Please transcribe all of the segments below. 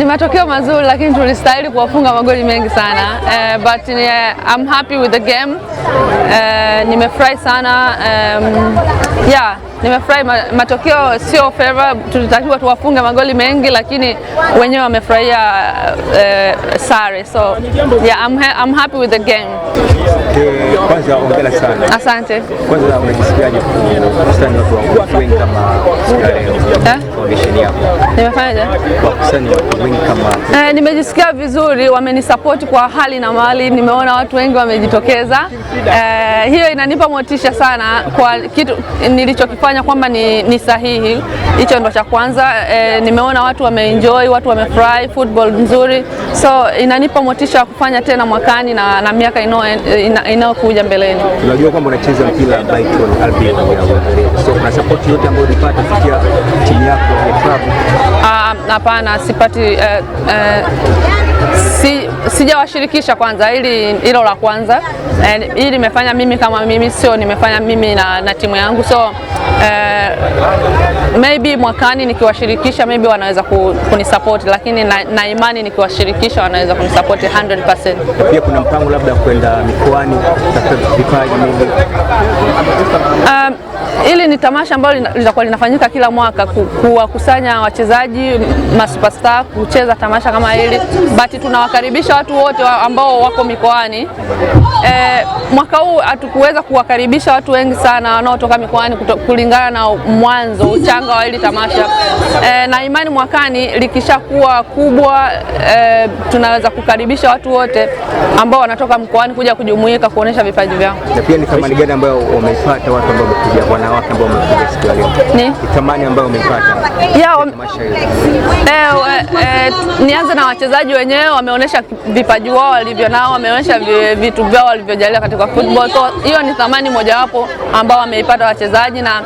Ni matokeo mazuri lakini tulistahili kuwafunga magoli mengi sana. Uh, but uh, I'm happy with the game. Uh, nimefurahi sana um, yeah nimefurahi matokeo sio favorable, tulitakiwa tuwafunge magoli mengi, lakini wenyewe wamefurahia uh, sare, so yeah, I'm, ha I'm happy with the game. Kwanza ongera sana. Asante. Kwanza umejisikiaje kukusanya watu wengi kama eh? nimefanyaje? Kukusanya watu wengi kama eh, nimejisikia vizuri, wamenisupport kwa hali na mali, nimeona watu wengi wamejitokeza. Eh, hiyo inanipa motisha sana kwa kitu nilicho kufanya kwamba ni, ni sahihi. Hicho ndo cha kwanza. E, nimeona watu wameenjoy, watu wamefurahi, football nzuri, so inanipa motisha ya kufanya tena mwakani na, na miaka inayokuja mbeleni. Unajua kwamba unacheza mpira Brighton Albion, so kuna support yote ambayo ulipata kupitia timu yako hapana, sipati uh, uh, si, sijawashirikisha kwanza, ili hilo la kwanza eh, hii nimefanya mimi kama mimi, sio nimefanya mimi na, na timu yangu so eh, maybe mwakani nikiwashirikisha maybe wanaweza kunisupport, lakini na, na imani nikiwashirikisha wanaweza kunisupport 100%. Pia kuna mpango labda kwenda mikoani vipaji maybe um, Hili ni tamasha ambalo litakuwa linafanyika kila mwaka kuwakusanya wachezaji masupasta kucheza tamasha kama hili, but tunawakaribisha watu wote ambao wako mikoani. E, mwaka huu hatukuweza kuwakaribisha watu wengi sana wanaotoka mikoani kulingana na mwanzo uchanga wa hili tamasha e, na imani mwakani likishakuwa kubwa e, tunaweza kukaribisha watu wote ambao wanatoka mkoani kuja kujumuika kuonesha vipaji vyao. Na pia ni thamani gani ambayo wamepata watu ambao wamekuja na wake ambao wamekuja siku ya leo? Ni thamani ambayo umepata ya eh, eh, eh, nianze na wachezaji wenyewe, wameonyesha vipaji wao walivyo nao, wameonyesha vitu vyao walivyojalia katika football. So hiyo ni thamani mojawapo ambao wameipata wachezaji na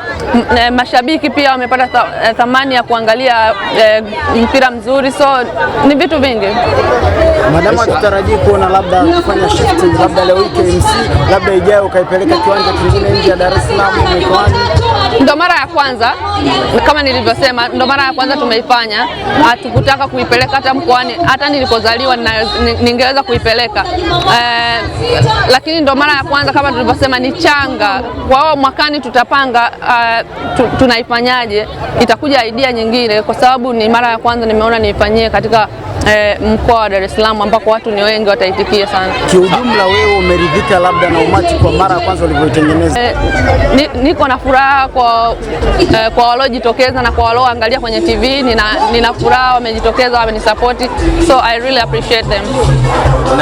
mashabiki pia wamepata eh, thamani ya kuangalia eh, mpira mzuri, so ni vitu vingi. Madam, hatutarajii kuona labda kufanya shifting labda leo hii KMC, labda ijayo ukaipeleka kiwanja kingine nje ya Dar es Salaam Ndo mara ya kwanza kama nilivyosema, ndo mara ya kwanza tumeifanya. Hatukutaka kuipeleka hata mkoani, hata nilipozaliwa ningeweza kuipeleka eh, lakini ndo mara ya kwanza kama tulivyosema, ni changa kwao. Mwakani tutapanga uh, tu, tunaifanyaje, itakuja idea nyingine, kwa sababu ni mara ya kwanza nimeona niifanyie katika eh, mkoa wa Dar es Salaam ambako watu ni wengi wataitikia sana. Kiujumla, wewe umeridhika labda na umati kwa mara ya kwanza ulivyoitengeneza? E, eh, ni, niko na furaha kwa, eh, kwa waliojitokeza na kwa walioangalia kwenye TV. Nina, nina furaha wamejitokeza, wamenisapoti so I really appreciate them.